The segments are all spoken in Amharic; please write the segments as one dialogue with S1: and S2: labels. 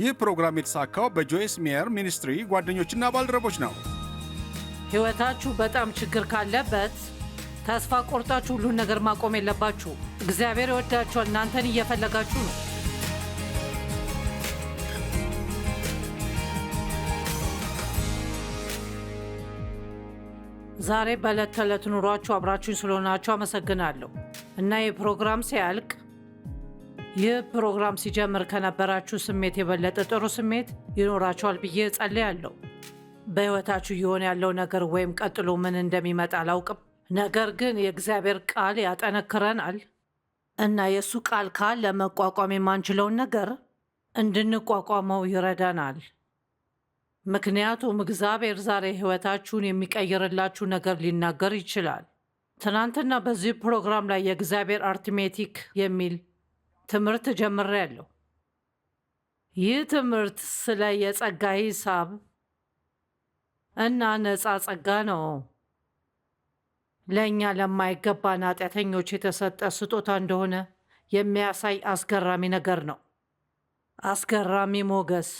S1: ይህ ፕሮግራም የተሳካው በጆይስ ሚየር ሚኒስትሪ ጓደኞችና ባልደረቦች ነው። ሕይወታችሁ በጣም ችግር ካለበት ተስፋ ቆርጣችሁ ሁሉን ነገር ማቆም የለባችሁ። እግዚአብሔር ይወዳችኋል፣ እናንተን እየፈለጋችሁ ነው። ዛሬ በዕለት ተዕለት ኑሯችሁ አብራችሁኝ ስለሆናችሁ አመሰግናለሁ እና ይህ ፕሮግራም ሲያልቅ ይህ ፕሮግራም ሲጀምር ከነበራችሁ ስሜት የበለጠ ጥሩ ስሜት ይኖራችኋል ብዬ ጸልያለሁ። በሕይወታችሁ እየሆነ ያለው ነገር ወይም ቀጥሎ ምን እንደሚመጣ አላውቅም፣ ነገር ግን የእግዚአብሔር ቃል ያጠነክረናል እና የእሱ ቃል ካል ለመቋቋም የማንችለውን ነገር እንድንቋቋመው ይረዳናል። ምክንያቱም እግዚአብሔር ዛሬ ሕይወታችሁን የሚቀይርላችሁ ነገር ሊናገር ይችላል። ትናንትና በዚህ ፕሮግራም ላይ የእግዚአብሔር አርትሜቲክ የሚል ትምህርት ጀምሬያለሁ። ይህ ትምህርት ስለ የጸጋ ሂሳብ እና ነፃ ጸጋ ነው። ለእኛ ለማይገባን ኃጢአተኞች የተሰጠ ስጦታ እንደሆነ የሚያሳይ አስገራሚ ነገር ነው። አስገራሚ ሞገስ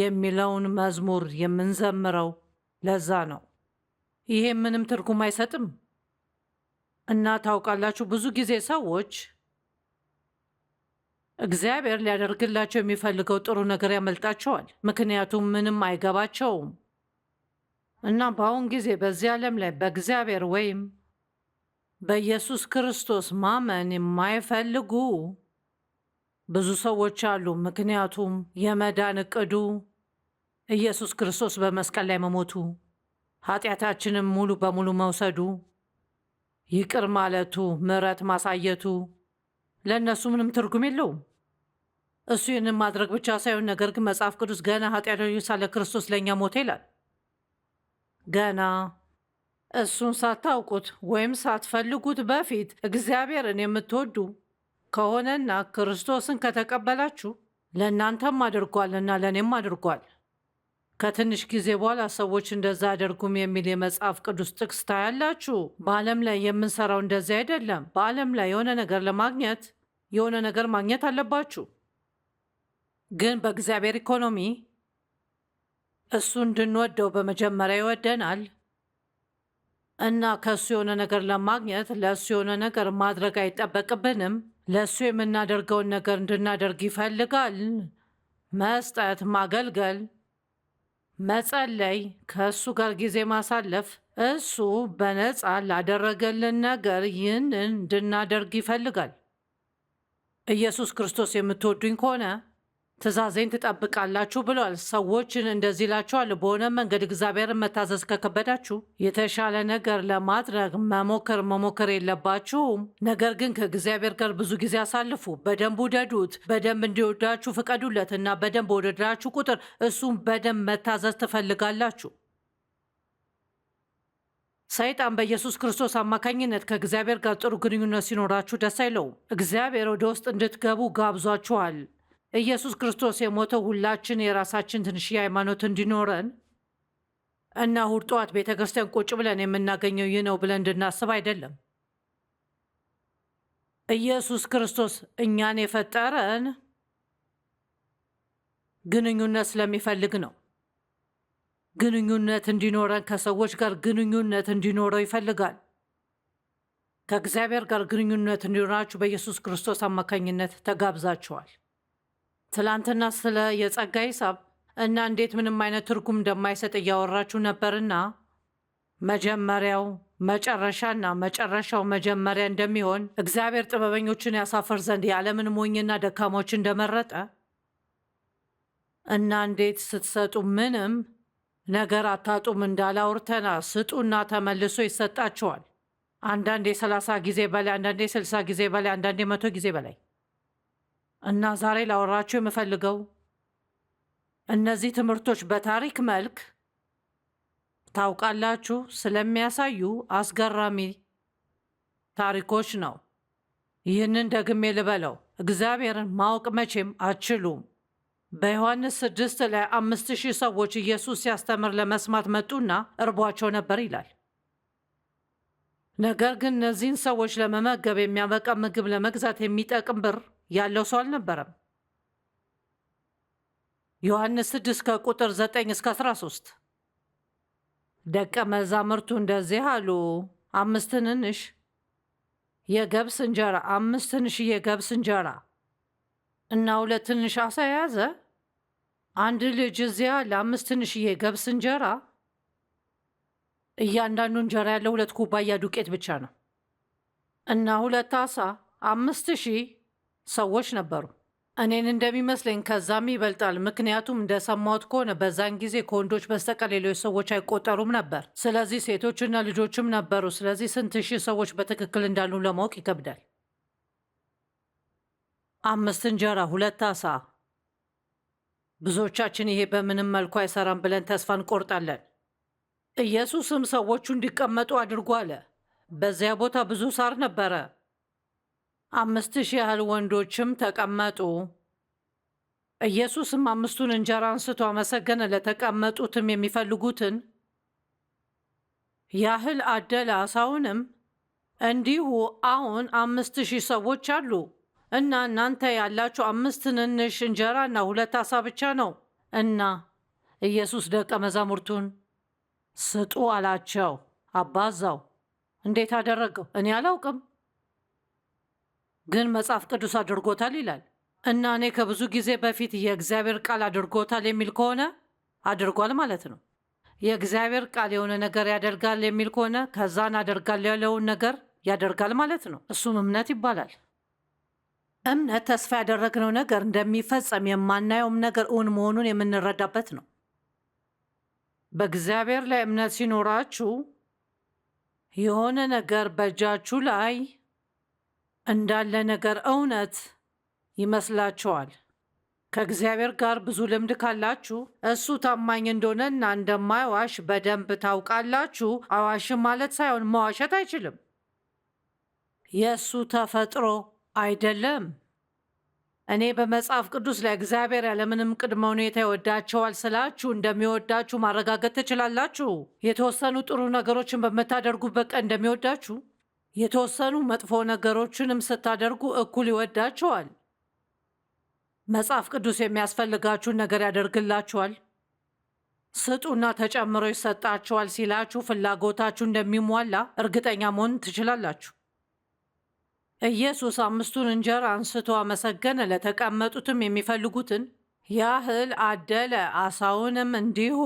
S1: የሚለውን መዝሙር የምንዘምረው ለዛ ነው። ይሄ ምንም ትርጉም አይሰጥም እና ታውቃላችሁ፣ ብዙ ጊዜ ሰዎች እግዚአብሔር ሊያደርግላቸው የሚፈልገው ጥሩ ነገር ያመልጣቸዋል፣ ምክንያቱም ምንም አይገባቸውም። እና በአሁን ጊዜ በዚህ ዓለም ላይ በእግዚአብሔር ወይም በኢየሱስ ክርስቶስ ማመን የማይፈልጉ ብዙ ሰዎች አሉ። ምክንያቱም የመዳን እቅዱ ኢየሱስ ክርስቶስ በመስቀል ላይ መሞቱ፣ ኃጢአታችንም ሙሉ በሙሉ መውሰዱ፣ ይቅር ማለቱ፣ ምሕረት ማሳየቱ ለእነሱ ምንም ትርጉም የለውም። እሱ ይህንን ማድረግ ብቻ ሳይሆን ነገር ግን መጽሐፍ ቅዱስ ገና ኃጢአተኞች ሳለ ክርስቶስ ለእኛ ሞተ ይላል። ገና እሱን ሳታውቁት ወይም ሳትፈልጉት በፊት እግዚአብሔርን የምትወዱ ከሆነና ክርስቶስን ከተቀበላችሁ ለእናንተም አድርጓልና ለእኔም አድርጓል። ከትንሽ ጊዜ በኋላ ሰዎች እንደዛ አደርጉም የሚል የመጽሐፍ ቅዱስ ጥቅስ ታያላችሁ። በዓለም ላይ የምንሰራው እንደዚህ አይደለም። በዓለም ላይ የሆነ ነገር ለማግኘት የሆነ ነገር ማግኘት አለባችሁ። ግን በእግዚአብሔር ኢኮኖሚ እሱ እንድንወደው በመጀመሪያ ይወደናል እና ከእሱ የሆነ ነገር ለማግኘት ለእሱ የሆነ ነገር ማድረግ አይጠበቅብንም። ለእሱ የምናደርገውን ነገር እንድናደርግ ይፈልጋል። መስጠት፣ ማገልገል፣ መጸለይ፣ ከእሱ ጋር ጊዜ ማሳለፍ። እሱ በነፃ ላደረገልን ነገር ይህንን እንድናደርግ ይፈልጋል። ኢየሱስ ክርስቶስ የምትወዱኝ ከሆነ ትእዛዜን ትጠብቃላችሁ ብሏል። ሰዎችን እንደዚህ እላችኋለሁ፣ በሆነ መንገድ እግዚአብሔርን መታዘዝ ከከበዳችሁ የተሻለ ነገር ለማድረግ መሞከር መሞከር የለባችሁም። ነገር ግን ከእግዚአብሔር ጋር ብዙ ጊዜ አሳልፉ። በደንብ ውደዱት፣ በደንብ እንዲወዳችሁ ፍቀዱለት እና በደንብ ወደዳችሁ ቁጥር እሱም በደንብ መታዘዝ ትፈልጋላችሁ። ሰይጣን በኢየሱስ ክርስቶስ አማካኝነት ከእግዚአብሔር ጋር ጥሩ ግንኙነት ሲኖራችሁ ደስ አይለውም። እግዚአብሔር ወደ ውስጥ እንድትገቡ ጋብዟችኋል። ኢየሱስ ክርስቶስ የሞተው ሁላችን የራሳችን ትንሽ ሃይማኖት እንዲኖረን እና እሁድ ጠዋት ቤተ ክርስቲያን ቁጭ ብለን የምናገኘው ይህ ነው ብለን እንድናስብ አይደለም። ኢየሱስ ክርስቶስ እኛን የፈጠረን ግንኙነት ስለሚፈልግ ነው። ግንኙነት እንዲኖረን ከሰዎች ጋር ግንኙነት እንዲኖረው ይፈልጋል። ከእግዚአብሔር ጋር ግንኙነት እንዲኖራችሁ በኢየሱስ ክርስቶስ አማካኝነት ተጋብዛችኋል። ትላንትና ስለ የጸጋ ሂሳብ እና እንዴት ምንም አይነት ትርጉም እንደማይሰጥ እያወራችሁ ነበርና መጀመሪያው መጨረሻና መጨረሻው መጀመሪያ እንደሚሆን እግዚአብሔር ጥበበኞችን ያሳፈር ዘንድ የዓለምን ሞኝና ደካሞች እንደመረጠ እና እንዴት ስትሰጡ ምንም ነገር አታጡም እንዳለ አውርተና ስጡና ተመልሶ ይሰጣችኋል። አንዳንዴ የሰላሳ ጊዜ በላይ አንዳንዴ 60 ጊዜ በላይ አንዳንዴ የመቶ ጊዜ በላይ እና ዛሬ ላወራችሁ የምፈልገው እነዚህ ትምህርቶች በታሪክ መልክ ታውቃላችሁ ስለሚያሳዩ አስገራሚ ታሪኮች ነው። ይህንን ደግሜ ልበለው፣ እግዚአብሔርን ማወቅ መቼም አችሉም። በዮሐንስ ስድስት ላይ አምስት ሺህ ሰዎች ኢየሱስ ሲያስተምር ለመስማት መጡና እርቧቸው ነበር ይላል። ነገር ግን እነዚህን ሰዎች ለመመገብ የሚያበቃ ምግብ ለመግዛት የሚጠቅም ብር ያለው ሰው አልነበረም። ዮሐንስ 6 ከቁጥር 9 እስከ 13 ደቀ መዛሙርቱ እንደዚህ አሉ፣ አምስት ትንንሽ የገብስ እንጀራ አምስት ትንሽ የገብስ እንጀራ እና ሁለት ትንሽ አሳ የያዘ አንድ ልጅ እዚያ ለአምስት ትንሽዬ ገብስ እንጀራ እያንዳንዱ እንጀራ ያለው ሁለት ኩባያ ዱቄት ብቻ ነው እና ሁለት አሳ አምስት ሺህ ሰዎች ነበሩ። እኔን እንደሚመስለኝ ከዛም ይበልጣል። ምክንያቱም እንደሰማሁት ከሆነ በዛን ጊዜ ከወንዶች በስተቀር ሌሎች ሰዎች አይቆጠሩም ነበር። ስለዚህ ሴቶችና ልጆችም ነበሩ። ስለዚህ ስንት ሺህ ሰዎች በትክክል እንዳሉ ለማወቅ ይከብዳል። አምስት እንጀራ ሁለት አሳ። ብዙዎቻችን ይሄ በምንም መልኩ አይሰራም ብለን ተስፋ እንቆርጣለን። ኢየሱስም ሰዎቹ እንዲቀመጡ አድርጎ አለ። በዚያ ቦታ ብዙ ሳር ነበረ። አምስት ሺህ ያህል ወንዶችም ተቀመጡ። ኢየሱስም አምስቱን እንጀራ አንስቶ አመሰገነ፣ ለተቀመጡትም የሚፈልጉትን ያህል አደለ። አሳውንም እንዲሁ። አሁን አምስት ሺህ ሰዎች አሉ። እና እናንተ ያላችሁ አምስት ትንንሽ እንጀራና ሁለት አሳ ብቻ ነው እና ኢየሱስ ደቀ መዛሙርቱን ስጡ አላቸው። አባዛው። እንዴት አደረገው? እኔ አላውቅም፣ ግን መጽሐፍ ቅዱስ አድርጎታል ይላል እና እኔ ከብዙ ጊዜ በፊት የእግዚአብሔር ቃል አድርጎታል የሚል ከሆነ አድርጓል ማለት ነው። የእግዚአብሔር ቃል የሆነ ነገር ያደርጋል የሚል ከሆነ ከዛን አደርጋል ያለውን ነገር ያደርጋል ማለት ነው። እሱም እምነት ይባላል። እምነት ተስፋ ያደረግነው ነገር እንደሚፈጸም የማናየውም ነገር እውን መሆኑን የምንረዳበት ነው። በእግዚአብሔር ላይ እምነት ሲኖራችሁ የሆነ ነገር በእጃችሁ ላይ እንዳለ ነገር እውነት ይመስላችኋል። ከእግዚአብሔር ጋር ብዙ ልምድ ካላችሁ እሱ ታማኝ እንደሆነና እንደማይዋሽ በደንብ ታውቃላችሁ። አዋሽ ማለት ሳይሆን መዋሸት አይችልም። የእሱ ተፈጥሮ አይደለም። እኔ በመጽሐፍ ቅዱስ ላይ እግዚአብሔር ያለምንም ቅድመ ሁኔታ ይወዳቸዋል ስላችሁ እንደሚወዳችሁ ማረጋገጥ ትችላላችሁ። የተወሰኑ ጥሩ ነገሮችን በምታደርጉበት ቀን እንደሚወዳችሁ፣ የተወሰኑ መጥፎ ነገሮችንም ስታደርጉ እኩል ይወዳቸዋል። መጽሐፍ ቅዱስ የሚያስፈልጋችሁን ነገር ያደርግላችኋል። ስጡና ተጨምሮ ይሰጣችኋል ሲላችሁ ፍላጎታችሁ እንደሚሟላ እርግጠኛ መሆን ትችላላችሁ። ኢየሱስ አምስቱን እንጀራ አንስቶ አመሰገነ፣ ለተቀመጡትም የሚፈልጉትን ያህል አደለ፣ አሳውንም እንዲሁ።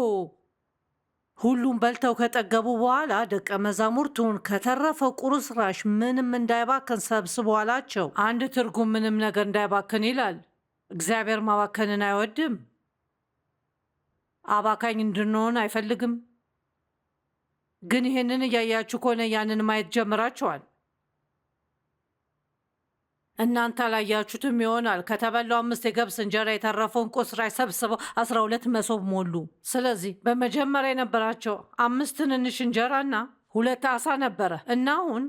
S1: ሁሉም በልተው ከጠገቡ በኋላ ደቀ መዛሙርቱን ከተረፈ ቁርስራሽ ምንም እንዳይባከን ሰብስቦ አላቸው። አንድ ትርጉም ምንም ነገር እንዳይባከን ይላል። እግዚአብሔር ማባከንን አይወድም። አባካኝ እንድንሆን አይፈልግም። ግን ይህንን እያያችሁ ከሆነ ያንን ማየት ጀምራችኋል። እናንተ አላያችሁትም ይሆናል። ከተበላው አምስት የገብስ እንጀራ የተረፈውን ቁስራ ሰብስበው አስራ ሁለት መሶብ ሞሉ። ስለዚህ በመጀመሪያ የነበራቸው አምስት ትንንሽ እንጀራና ሁለት አሳ ነበረ እና አሁን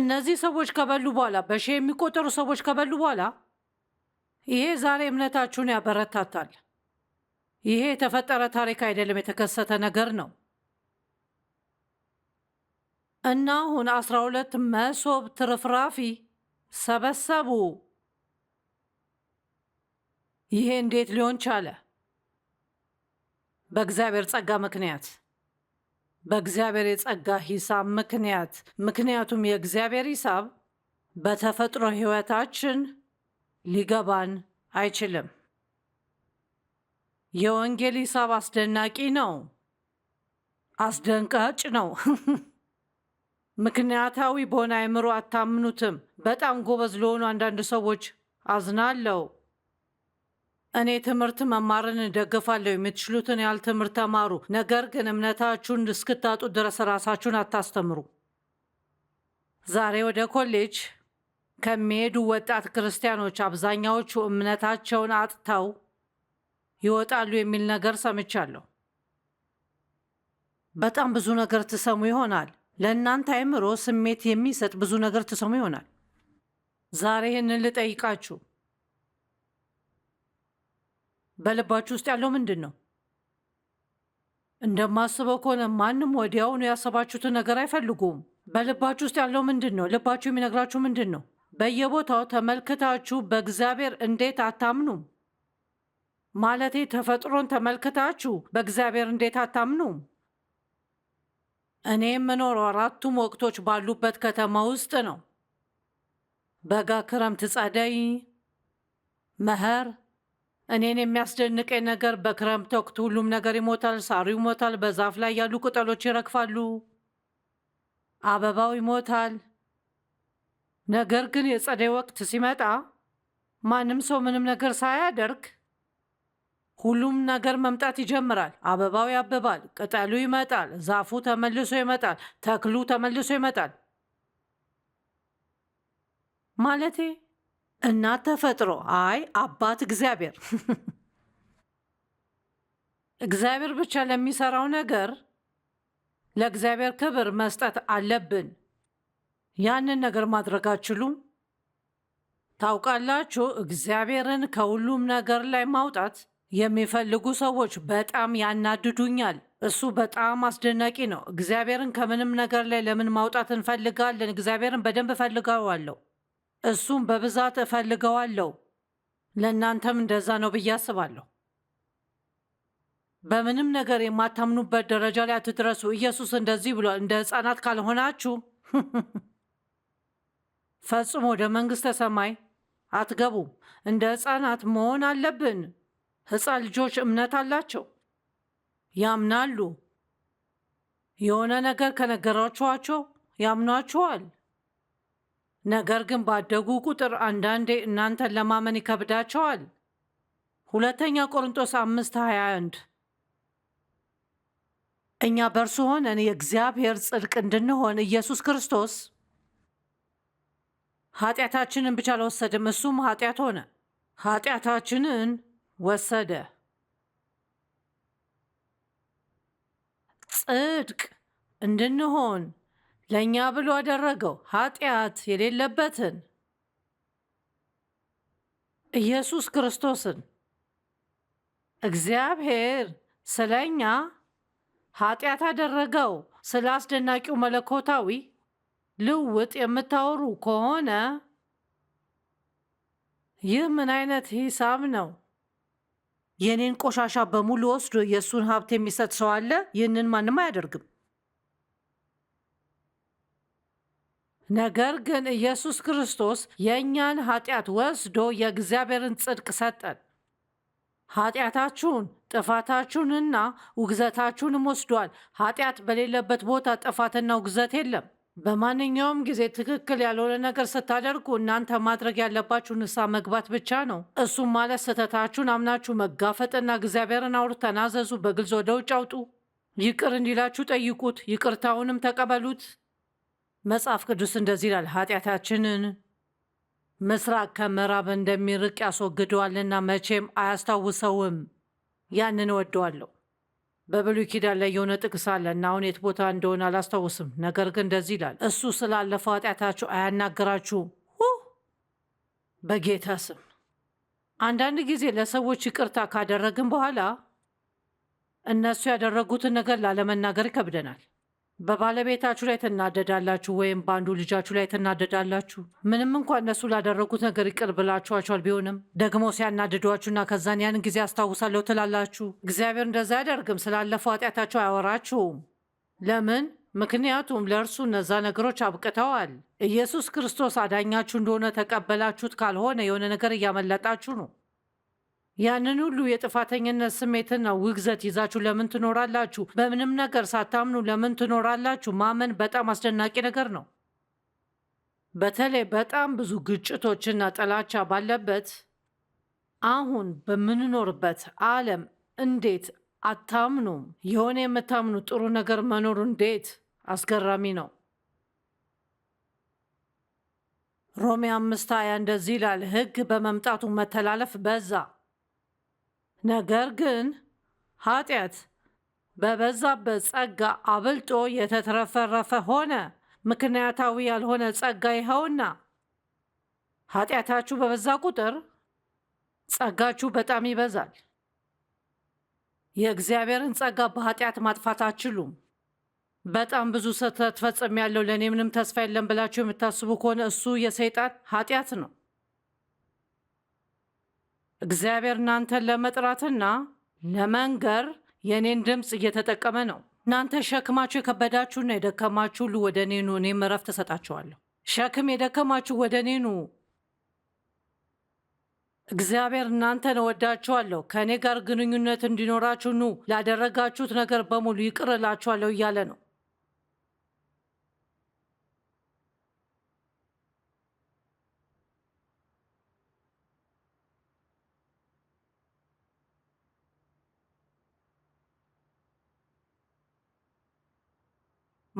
S1: እነዚህ ሰዎች ከበሉ በኋላ በሺ የሚቆጠሩ ሰዎች ከበሉ በኋላ ይሄ ዛሬ እምነታችሁን ያበረታታል። ይሄ የተፈጠረ ታሪክ አይደለም፣ የተከሰተ ነገር ነው እና አሁን አስራ ሁለት መሶብ ትርፍራፊ ሰበሰቡ። ይሄ እንዴት ሊሆን ቻለ? በእግዚአብሔር ጸጋ ምክንያት በእግዚአብሔር የጸጋ ሂሳብ ምክንያት። ምክንያቱም የእግዚአብሔር ሂሳብ በተፈጥሮ ሕይወታችን ሊገባን አይችልም። የወንጌል ሂሳብ አስደናቂ ነው፣ አስደንቃጭ ነው። ምክንያታዊ በሆነ አይምሮ አታምኑትም። በጣም ጎበዝ ለሆኑ አንዳንድ ሰዎች አዝናለሁ። እኔ ትምህርት መማርን እደግፋለሁ። የምትችሉትን ያህል ትምህርት ተማሩ፣ ነገር ግን እምነታችሁን እስክታጡ ድረስ ራሳችሁን አታስተምሩ። ዛሬ ወደ ኮሌጅ ከሚሄዱ ወጣት ክርስቲያኖች አብዛኛዎቹ እምነታቸውን አጥተው ይወጣሉ የሚል ነገር ሰምቻለሁ። በጣም ብዙ ነገር ትሰሙ ይሆናል። ለእናንተ አይምሮ ስሜት የሚሰጥ ብዙ ነገር ትሰሙ ይሆናል። ዛሬ ይህንን ልጠይቃችሁ፣ በልባችሁ ውስጥ ያለው ምንድን ነው? እንደማስበው ከሆነ ማንም ወዲያውኑ ያሰባችሁትን ነገር አይፈልጉም። በልባችሁ ውስጥ ያለው ምንድን ነው? ልባችሁ የሚነግራችሁ ምንድን ነው? በየቦታው ተመልክታችሁ በእግዚአብሔር እንዴት አታምኑም? ማለቴ ተፈጥሮን ተመልክታችሁ በእግዚአብሔር እንዴት አታምኑም? እኔ የምኖረው አራቱም ወቅቶች ባሉበት ከተማ ውስጥ ነው። በጋ፣ ክረምት፣ ጸደይ፣ መኸር። እኔን የሚያስደንቀኝ ነገር በክረምት ወቅት ሁሉም ነገር ይሞታል። ሳሩ ይሞታል፣ በዛፍ ላይ ያሉ ቅጠሎች ይረግፋሉ፣ አበባው ይሞታል። ነገር ግን የጸደይ ወቅት ሲመጣ ማንም ሰው ምንም ነገር ሳያደርግ ሁሉም ነገር መምጣት ይጀምራል። አበባው ያብባል፣ ቅጠሉ ይመጣል፣ ዛፉ ተመልሶ ይመጣል፣ ተክሉ ተመልሶ ይመጣል። ማለቴ እናት ተፈጥሮ፣ አይ አባት እግዚአብሔር። እግዚአብሔር ብቻ ለሚሰራው ነገር ለእግዚአብሔር ክብር መስጠት አለብን። ያንን ነገር ማድረግ አችሉም። ታውቃላችሁ፣ እግዚአብሔርን ከሁሉም ነገር ላይ ማውጣት የሚፈልጉ ሰዎች በጣም ያናድዱኛል። እሱ በጣም አስደናቂ ነው። እግዚአብሔርን ከምንም ነገር ላይ ለምን ማውጣት እንፈልጋለን? እግዚአብሔርን በደንብ እፈልገዋለሁ። እሱም በብዛት እፈልገዋለሁ። ለእናንተም እንደዛ ነው ብዬ አስባለሁ። በምንም ነገር የማታምኑበት ደረጃ ላይ አትድረሱ። ኢየሱስ እንደዚህ ብሏል፣ እንደ ሕፃናት ካልሆናችሁ ፈጽሞ ወደ መንግሥተ ሰማይ አትገቡም። እንደ ሕፃናት መሆን አለብን። ሕፃን ልጆች እምነት አላቸው፣ ያምናሉ። የሆነ ነገር ከነገራችኋቸው ያምኗችኋል። ነገር ግን ባደጉ ቁጥር አንዳንዴ እናንተን ለማመን ይከብዳቸዋል። ሁለተኛ ቆርንጦስ አምስት 21 እኛ በእርሱ ሆነን የእግዚአብሔር ጽድቅ እንድንሆን ኢየሱስ ክርስቶስ ኃጢአታችንን ብቻ አልወሰድም፣ እሱም ኃጢአት ሆነ ኃጢአታችንን ወሰደ ጽድቅ እንድንሆን ለእኛ ብሎ አደረገው ኃጢአት የሌለበትን ኢየሱስ ክርስቶስን እግዚአብሔር ስለ እኛ ኃጢአት አደረገው። ስለ አስደናቂው መለኮታዊ ልውጥ የምታወሩ ከሆነ ይህ ምን አይነት ሂሳብ ነው? የኔን ቆሻሻ በሙሉ ወስዶ የእሱን ሀብት የሚሰጥ ሰው አለ? ይህንን ማንም አያደርግም። ነገር ግን ኢየሱስ ክርስቶስ የእኛን ኃጢአት ወስዶ የእግዚአብሔርን ጽድቅ ሰጠን። ኃጢአታችሁን ጥፋታችሁንና ውግዘታችሁንም ወስዷል። ኃጢአት በሌለበት ቦታ ጥፋትና ውግዘት የለም። በማንኛውም ጊዜ ትክክል ያልሆነ ነገር ስታደርጉ እናንተ ማድረግ ያለባችሁ ንሳ መግባት ብቻ ነው። እሱም ማለት ስህተታችሁን አምናችሁ መጋፈጥና እግዚአብሔርን አውር ተናዘዙ። በግልጽ ወደ ውጭ አውጡ። ይቅር እንዲላችሁ ጠይቁት። ይቅርታውንም ተቀበሉት። መጽሐፍ ቅዱስ እንደዚህ ይላል፣ ኃጢአታችንን ምስራቅ ከምዕራብ እንደሚርቅ ያስወግደዋልና መቼም አያስታውሰውም። ያንን እወደዋለሁ። በብሉይ ኪዳን ላይ የሆነ ጥቅስ አለ እና አሁን የት ቦታ እንደሆነ አላስታውስም። ነገር ግን እንደዚህ ይላል፣ እሱ ስላለፈው ኃጢአታችሁ አያናግራችሁም። በጌታ ስም አንዳንድ ጊዜ ለሰዎች ይቅርታ ካደረግን በኋላ እነሱ ያደረጉትን ነገር ላለመናገር ይከብደናል። በባለቤታችሁ ላይ ትናደዳላችሁ ወይም በአንዱ ልጃችሁ ላይ ትናደዳላችሁ። ምንም እንኳን እነሱ ላደረጉት ነገር ይቅር ብላችኋቸዋል፣ ቢሆንም ደግሞ ሲያናድዷችሁና ከዛን ያን ጊዜ አስታውሳለሁ ትላላችሁ። እግዚአብሔር እንደዛ አያደርግም። ስላለፈው ኃጢአታቸው አያወራችሁም። ለምን? ምክንያቱም ለእርሱ እነዛ ነገሮች አብቅተዋል። ኢየሱስ ክርስቶስ አዳኛችሁ እንደሆነ ተቀበላችሁት። ካልሆነ የሆነ ነገር እያመለጣችሁ ነው። ያንን ሁሉ የጥፋተኝነት ስሜትና ውግዘት ይዛችሁ ለምን ትኖራላችሁ? በምንም ነገር ሳታምኑ ለምን ትኖራላችሁ? ማመን በጣም አስደናቂ ነገር ነው። በተለይ በጣም ብዙ ግጭቶችና ጥላቻ ባለበት አሁን በምንኖርበት ዓለም እንዴት አታምኑም? የሆነ የምታምኑ ጥሩ ነገር መኖሩ እንዴት አስገራሚ ነው። ሮሜ አምስት ሃያ እንደዚህ ይላል፣ ሕግ በመምጣቱ መተላለፍ በዛ ነገር ግን ኃጢአት በበዛበት ጸጋ አብልጦ የተትረፈረፈ ሆነ። ምክንያታዊ ያልሆነ ጸጋ ይኸውና፣ ኃጢአታችሁ በበዛ ቁጥር ጸጋችሁ በጣም ይበዛል። የእግዚአብሔርን ጸጋ በኃጢአት ማጥፋት አችሉም። በጣም ብዙ ስህተት ፈጽሜያለሁ፣ ለእኔ ምንም ተስፋ የለም ብላችሁ የምታስቡ ከሆነ እሱ የሰይጣን ኃጢአት ነው። እግዚአብሔር እናንተን ለመጥራትና ለመንገር የእኔን ድምፅ እየተጠቀመ ነው። እናንተ ሸክማችሁ የከበዳችሁና የደከማችሁ ሁሉ ወደ እኔ ኑ፣ እኔም እረፍት እሰጣችኋለሁ። ሸክም የደከማችሁ ወደ እኔ ኑ። እግዚአብሔር እናንተን እወዳችኋለሁ፣ ከእኔ ጋር ግንኙነት እንዲኖራችሁ ኑ፣ ላደረጋችሁት ነገር በሙሉ ይቅር እላችኋለሁ እያለ ነው።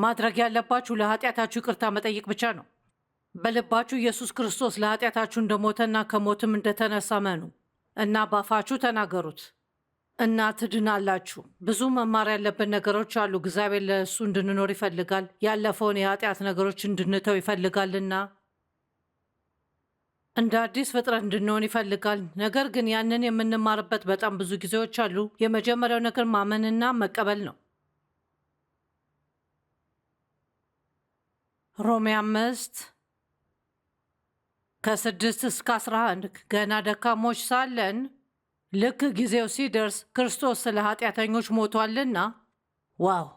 S1: ማድረግ ያለባችሁ ለኃጢአታችሁ ይቅርታ መጠየቅ ብቻ ነው። በልባችሁ ኢየሱስ ክርስቶስ ለኃጢአታችሁ እንደሞተና ከሞትም እንደተነሳ መኑ እና ባፋችሁ ተናገሩት እና ትድናላችሁ። ብዙ መማር ያለብን ነገሮች አሉ። እግዚአብሔር ለእሱ እንድንኖር ይፈልጋል። ያለፈውን የኃጢአት ነገሮች እንድንተው ይፈልጋልና እንደ አዲስ ፍጥረት እንድንሆን ይፈልጋል። ነገር ግን ያንን የምንማርበት በጣም ብዙ ጊዜዎች አሉ። የመጀመሪያው ነገር ማመንና መቀበል ነው። ሮሜ አምስት ከስድስት እስከ አስራ አንድ ገና ደካሞች ሳለን ልክ ጊዜው ሲደርስ ክርስቶስ ስለ ኃጢአተኞች ሞቷልና። ዋው!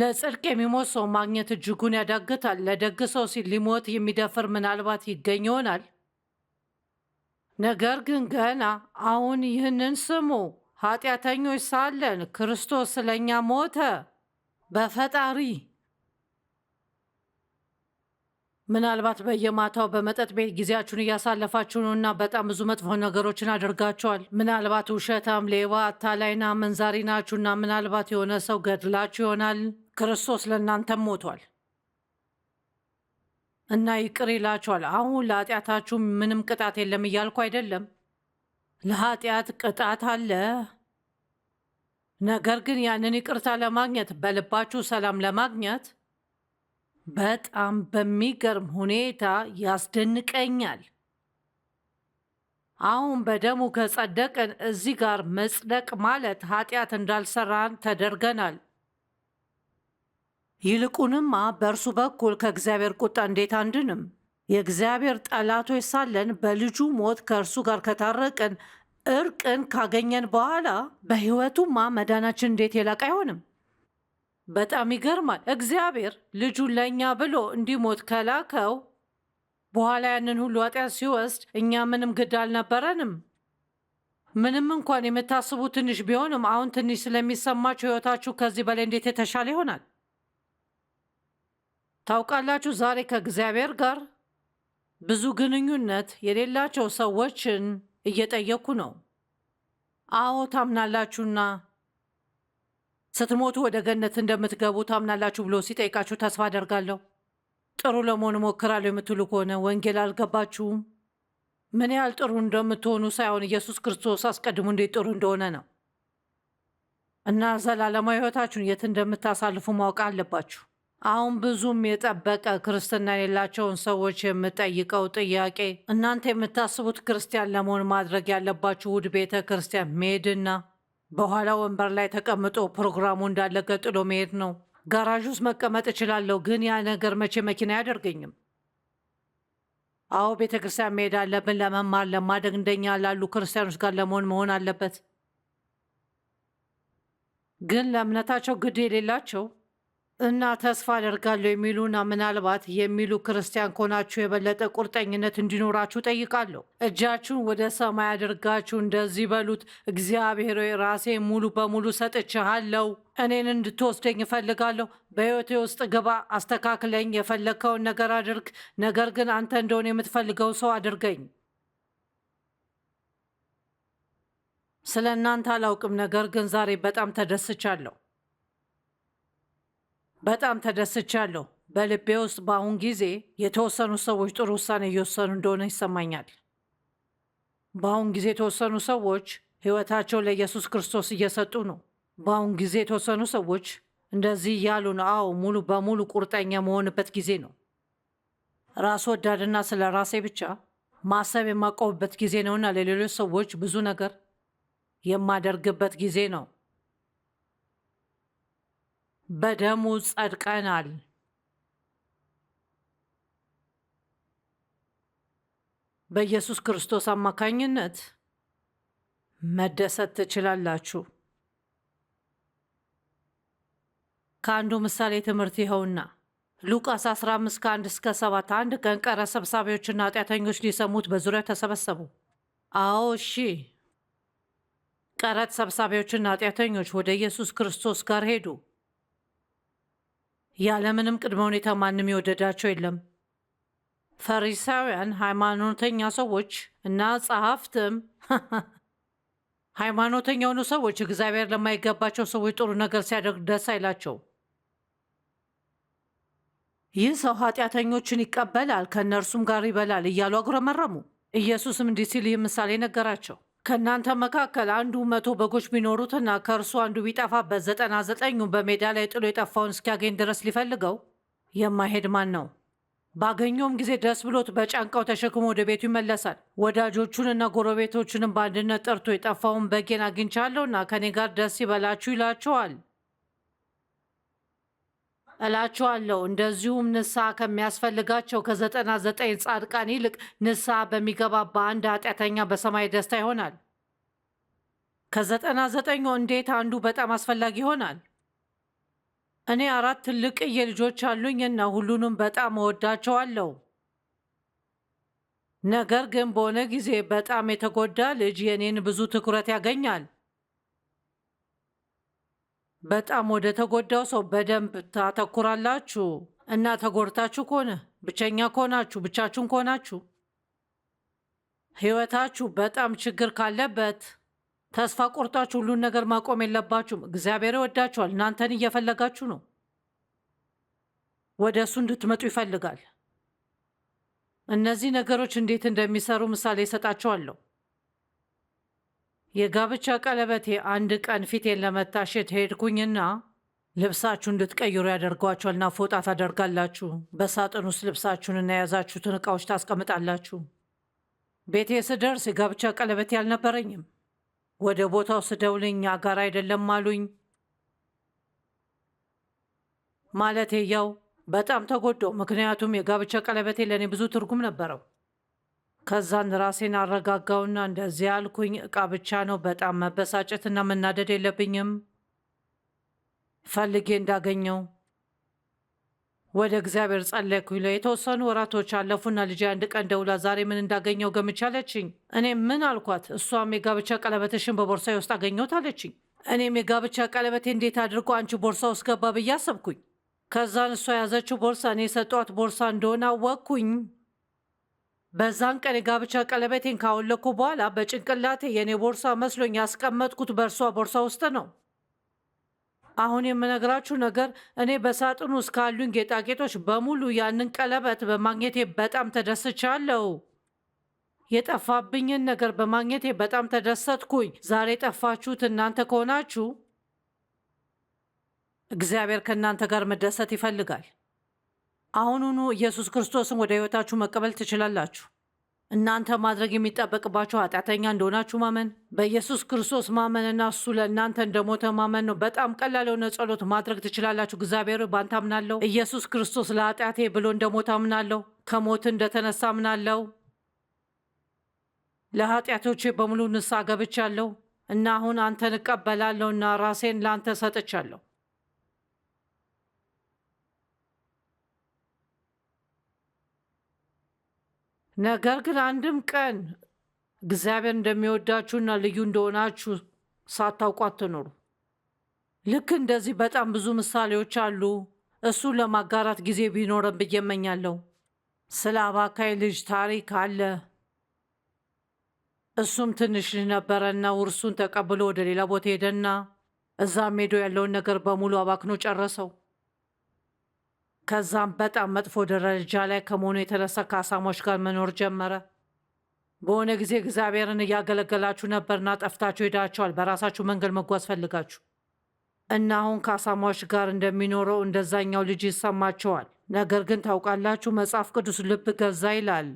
S1: ለጽድቅ የሚሞት ሰው ማግኘት እጅጉን ያዳግታል። ለደግ ሰው ሲል ሊሞት የሚደፍር ምናልባት ይገኝ ይሆናል። ነገር ግን ገና አሁን ይህንን ስሙ። ኃጢአተኞች ሳለን ክርስቶስ ስለኛ ሞተ። በፈጣሪ ምናልባት በየማታው በመጠጥ ቤት ጊዜያችሁን እያሳለፋችሁ ነው እና በጣም ብዙ መጥፎ ነገሮችን አድርጋችኋል። ምናልባት ውሸታም፣ ሌባ፣ አታላይና መንዛሪ ናችሁ እና ምናልባት የሆነ ሰው ገድላችሁ ይሆናል። ክርስቶስ ለእናንተም ሞቷል እና ይቅር ይላችኋል። አሁን ለኃጢአታችሁ ምንም ቅጣት የለም እያልኩ አይደለም። ለኃጢአት ቅጣት አለ። ነገር ግን ያንን ይቅርታ ለማግኘት በልባችሁ ሰላም ለማግኘት በጣም በሚገርም ሁኔታ ያስደንቀኛል። አሁን በደሙ ከጸደቅን እዚህ ጋር መጽደቅ ማለት ኃጢአት እንዳልሰራን ተደርገናል። ይልቁንማ በእርሱ በኩል ከእግዚአብሔር ቁጣ እንዴት አንድንም የእግዚአብሔር ጠላቶች ሳለን በልጁ ሞት ከእርሱ ጋር ከታረቅን እርቅን ካገኘን በኋላ በሕይወቱማ መዳናችን እንዴት የላቅ አይሆንም? በጣም ይገርማል። እግዚአብሔር ልጁን ለእኛ ብሎ እንዲሞት ከላከው በኋላ ያንን ሁሉ ኃጢአት ሲወስድ እኛ ምንም ግድ አልነበረንም። ምንም እንኳን የምታስቡ ትንሽ ቢሆንም አሁን ትንሽ ስለሚሰማችሁ ሕይወታችሁ ከዚህ በላይ እንዴት የተሻለ ይሆናል? ታውቃላችሁ ዛሬ ከእግዚአብሔር ጋር ብዙ ግንኙነት የሌላቸው ሰዎችን እየጠየኩ ነው። አዎ ታምናላችሁና ስትሞቱ ወደ ገነት እንደምትገቡ ታምናላችሁ ብሎ ሲጠይቃችሁ ተስፋ አደርጋለሁ። ጥሩ ለመሆን እሞክራለሁ የምትሉ ከሆነ ወንጌል አልገባችሁም። ምን ያህል ጥሩ እንደምትሆኑ ሳይሆን ኢየሱስ ክርስቶስ አስቀድሞ እንዴት ጥሩ እንደሆነ ነው እና ዘላለማዊ ሕይወታችሁን የት እንደምታሳልፉ ማወቅ አለባችሁ። አሁን ብዙም የጠበቀ ክርስትና የሌላቸውን ሰዎች የምጠይቀው ጥያቄ እናንተ የምታስቡት ክርስቲያን ለመሆን ማድረግ ያለባችሁ ውድ ቤተ ክርስቲያን መሄድና በኋላ ወንበር ላይ ተቀምጦ ፕሮግራሙ እንዳለ ገጥሎ መሄድ ነው። ጋራዥ ውስጥ መቀመጥ እችላለሁ፣ ግን ያ ነገር መቼ መኪና አያደርገኝም። አዎ ቤተ ክርስቲያን መሄድ አለብን። ለመማር ለማደግ፣ እንደኛ ላሉ ክርስቲያኖች ጋር ለመሆን መሆን አለበት። ግን ለእምነታቸው ግድ የሌላቸው እና ተስፋ አደርጋለሁ የሚሉና ምናልባት የሚሉ ክርስቲያን ከሆናችሁ የበለጠ ቁርጠኝነት እንዲኖራችሁ ጠይቃለሁ። እጃችሁን ወደ ሰማይ አድርጋችሁ እንደዚህ በሉት፣ እግዚአብሔር ራሴ ሙሉ በሙሉ ሰጥቼሃለሁ። እኔን እንድትወስደኝ እፈልጋለሁ። በሕይወቴ ውስጥ ግባ፣ አስተካክለኝ፣ የፈለግከውን ነገር አድርግ። ነገር ግን አንተ እንደሆነ የምትፈልገው ሰው አድርገኝ። ስለ እናንተ አላውቅም፣ ነገር ግን ዛሬ በጣም ተደስቻለሁ። በጣም ተደስቻለሁ። በልቤ ውስጥ በአሁን ጊዜ የተወሰኑ ሰዎች ጥሩ ውሳኔ እየወሰኑ እንደሆነ ይሰማኛል። በአሁን ጊዜ የተወሰኑ ሰዎች ሕይወታቸውን ለኢየሱስ ክርስቶስ እየሰጡ ነው። በአሁን ጊዜ የተወሰኑ ሰዎች እንደዚህ እያሉ ነው። አዎ ሙሉ በሙሉ ቁርጠኛ መሆንበት ጊዜ ነው። ራስ ወዳድና ስለ ራሴ ብቻ ማሰብ የማቆምበት ጊዜ ነውና ለሌሎች ሰዎች ብዙ ነገር የማደርግበት ጊዜ ነው። በደሙ ጸድቀናል። በኢየሱስ ክርስቶስ አማካኝነት መደሰት ትችላላችሁ። ከአንዱ ምሳሌ ትምህርት ይኸውና ሉቃስ 15 ከአንድ እስከ 7 አንድ ቀን ቀረጥ ሰብሳቢዎችና ኃጢአተኞች ሊሰሙት በዙሪያው ተሰበሰቡ። አዎ እሺ፣ ቀረጥ ሰብሳቢዎችና ኃጢአተኞች ወደ ኢየሱስ ክርስቶስ ጋር ሄዱ። ያለምንም ቅድመ ሁኔታ ማንም የወደዳቸው የለም። ፈሪሳውያን ሃይማኖተኛ ሰዎች እና ጸሐፍትም ሃይማኖተኛ የሆኑ ሰዎች እግዚአብሔር ለማይገባቸው ሰዎች ጥሩ ነገር ሲያደርግ ደስ አይላቸው። ይህ ሰው ኃጢአተኞችን ይቀበላል ከእነርሱም ጋር ይበላል እያሉ አጉረመረሙ። ኢየሱስም እንዲህ ሲል ይህ ምሳሌ ነገራቸው። ከእናንተ መካከል አንዱ መቶ በጎች ቢኖሩትና ከእርሱ አንዱ ቢጠፋበት ዘጠና ዘጠኙ በሜዳ ላይ ጥሎ የጠፋውን እስኪያገኝ ድረስ ሊፈልገው የማይሄድ ማን ነው? ባገኘውም ጊዜ ደስ ብሎት በጫንቃው ተሸክሞ ወደ ቤቱ ይመለሳል። ወዳጆቹንና ጎረቤቶቹንም በአንድነት ጠርቶ የጠፋውን በጌን አግኝቻለሁና ከኔ ጋር ደስ ይበላችሁ ይላቸዋል። እላችኋለሁ እንደዚሁም ንስሐ ከሚያስፈልጋቸው ከዘጠና ዘጠኝ ጻድቃን ይልቅ ንስሐ በሚገባ በአንድ ኃጢአተኛ በሰማይ ደስታ ይሆናል። ከዘጠና ዘጠኙ እንዴት አንዱ በጣም አስፈላጊ ይሆናል? እኔ አራት ትልቅዬ ልጆች አሉኝ እና ሁሉንም በጣም እወዳቸዋለሁ። ነገር ግን በሆነ ጊዜ በጣም የተጎዳ ልጅ የኔን ብዙ ትኩረት ያገኛል። በጣም ወደ ተጎዳው ሰው በደንብ ታተኩራላችሁ እና ተጎድታችሁ ከሆነ ብቸኛ ከሆናችሁ ብቻችሁን ከሆናችሁ ህይወታችሁ በጣም ችግር ካለበት ተስፋ ቆርጣችሁ ሁሉን ነገር ማቆም የለባችሁም። እግዚአብሔር ይወዳችኋል። እናንተን እየፈለጋችሁ ነው። ወደ እሱ እንድትመጡ ይፈልጋል። እነዚህ ነገሮች እንዴት እንደሚሰሩ ምሳሌ ይሰጣቸዋለሁ። የጋብቻ ቀለበቴ አንድ ቀን ፊቴን ለመታሸት ሄድኩኝና ልብሳችሁ እንድትቀይሩ ያደርጓችኋልና ፎጣ ታደርጋላችሁ። በሳጥን ውስጥ ልብሳችሁንና የያዛችሁትን እቃዎች ታስቀምጣላችሁ። ቤቴ ስደርስ የጋብቻ ቀለበቴ አልነበረኝም። ወደ ቦታው ስደውልኝ አጋር አይደለም አሉኝ። ማለቴ ያው በጣም ተጎዳው። ምክንያቱም የጋብቻ ቀለበቴ ለእኔ ብዙ ትርጉም ነበረው። ከዛን ራሴን አረጋጋውና እንደዚህ ያልኩኝ እቃ ብቻ ነው። በጣም መበሳጨትና መናደድ የለብኝም። ፈልጌ እንዳገኘው ወደ እግዚአብሔር ጸለይኩኝ። የተወሰኑ ወራቶች አለፉና ልጄ አንድ ቀን ደውላ ዛሬ ምን እንዳገኘው ገምቻ አለችኝ። እኔም ምን አልኳት። እሷም የጋብቻ ቀለበትሽን በቦርሳ ውስጥ አገኘሁት አለችኝ። እኔም የጋብቻ ቀለበቴ እንዴት አድርጎ አንቺ ቦርሳ ውስጥ ገባ ብዬ አሰብኩኝ። ከዛን እሷ የያዘችው ቦርሳ እኔ የሰጧት ቦርሳ እንደሆነ አወቅኩኝ። በዛን ቀን የጋብቻ ቀለበቴን ካወለኩ በኋላ በጭንቅላቴ የእኔ ቦርሳ መስሎኝ ያስቀመጥኩት በእርሷ ቦርሳ ውስጥ ነው። አሁን የምነግራችሁ ነገር እኔ በሳጥኑ ውስጥ ካሉኝ ጌጣጌጦች በሙሉ ያንን ቀለበት በማግኘቴ በጣም ተደስቻለሁ። የጠፋብኝን ነገር በማግኘቴ በጣም ተደሰትኩኝ። ዛሬ የጠፋችሁት እናንተ ከሆናችሁ እግዚአብሔር ከእናንተ ጋር መደሰት ይፈልጋል። አሁኑኑ ኢየሱስ ክርስቶስን ወደ ሕይወታችሁ መቀበል ትችላላችሁ። እናንተ ማድረግ የሚጠበቅባችሁ ኃጢአተኛ እንደሆናችሁ ማመን፣ በኢየሱስ ክርስቶስ ማመንና እሱ ለእናንተ እንደሞተ ማመን ነው። በጣም ቀላል የሆነ ጸሎት ማድረግ ትችላላችሁ። እግዚአብሔር በአንተ አምናለሁ፣ ኢየሱስ ክርስቶስ ለኃጢአቴ ብሎ እንደሞተ አምናለሁ፣ ከሞት እንደተነሳ አምናለሁ፣ ለኃጢአቶቼ በሙሉ ንስሐ ገብቻለሁ እና አሁን አንተን እቀበላለሁና ራሴን ለአንተ ሰጥቻለሁ። ነገር ግን አንድም ቀን እግዚአብሔር እንደሚወዳችሁና ልዩ እንደሆናችሁ ሳታውቁ አትኖሩ። ልክ እንደዚህ በጣም ብዙ ምሳሌዎች አሉ። እሱን ለማጋራት ጊዜ ቢኖረን ብዬ እመኛለሁ። ስለ አባካይ ልጅ ታሪክ አለ። እሱም ትንሽ ልጅ ነበረና ውርሱን ተቀብሎ ወደ ሌላ ቦታ ሄደና እዛም ሄዶ ያለውን ነገር በሙሉ አባክኖ ጨረሰው። ከዛም በጣም መጥፎ ደረጃ ላይ ከመሆኑ የተነሳ ከአሳሞች ጋር መኖር ጀመረ። በሆነ ጊዜ እግዚአብሔርን እያገለገላችሁ ነበርና ጠፍታችሁ ሄዳችኋል። በራሳችሁ መንገድ መጓዝ ፈልጋችሁ እና አሁን ከአሳማዎች ጋር እንደሚኖረው እንደዛኛው ልጅ ይሰማቸዋል። ነገር ግን ታውቃላችሁ መጽሐፍ ቅዱስ ልብ ገዛ ይላል።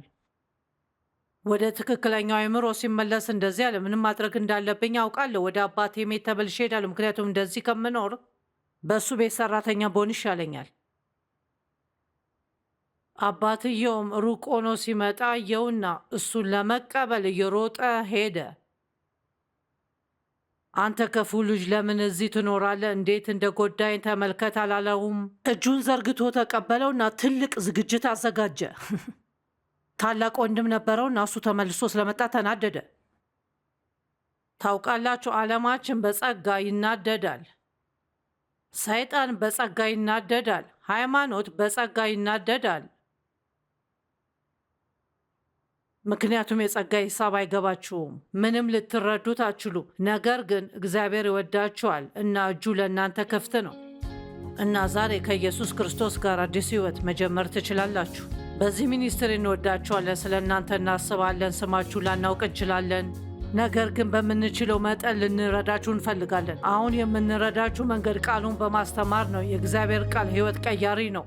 S1: ወደ ትክክለኛው አእምሮ ሲመለስ እንደዚህ አለ፣ ምንም ማድረግ እንዳለብኝ አውቃለሁ። ወደ አባቴ ቤት ተመልሼ እሄዳለሁ፣ ምክንያቱም እንደዚህ ከምኖር በእሱ ቤት ሰራተኛ ብሆን ይሻለኛል። አባትየውም ሩቅ ሆኖ ሲመጣ አየውና እሱን ለመቀበል እየሮጠ ሄደ። አንተ ክፉ ልጅ ለምን እዚህ ትኖራለህ? እንዴት እንደ ጎዳኝ ተመልከት አላለውም? እጁን ዘርግቶ ተቀበለውና ትልቅ ዝግጅት አዘጋጀ። ታላቅ ወንድም ነበረውና እሱ ተመልሶ ስለመጣ ተናደደ። ታውቃላችሁ፣ ዓለማችን በጸጋ ይናደዳል። ሰይጣን በጸጋ ይናደዳል። ሃይማኖት በጸጋ ይናደዳል። ምክንያቱም የጸጋ ሂሳብ አይገባችሁም፣ ምንም ልትረዱት አችሉ። ነገር ግን እግዚአብሔር ይወዳችኋል እና እጁ ለእናንተ ክፍት ነው እና ዛሬ ከኢየሱስ ክርስቶስ ጋር አዲስ ሕይወት መጀመር ትችላላችሁ። በዚህ ሚኒስትሪ እንወዳችኋለን፣ ስለ እናንተ እናስባለን። ስማችሁ ላናውቅ እንችላለን፣ ነገር ግን በምንችለው መጠን ልንረዳችሁ እንፈልጋለን። አሁን የምንረዳችሁ መንገድ ቃሉን በማስተማር ነው። የእግዚአብሔር ቃል ሕይወት ቀያሪ ነው።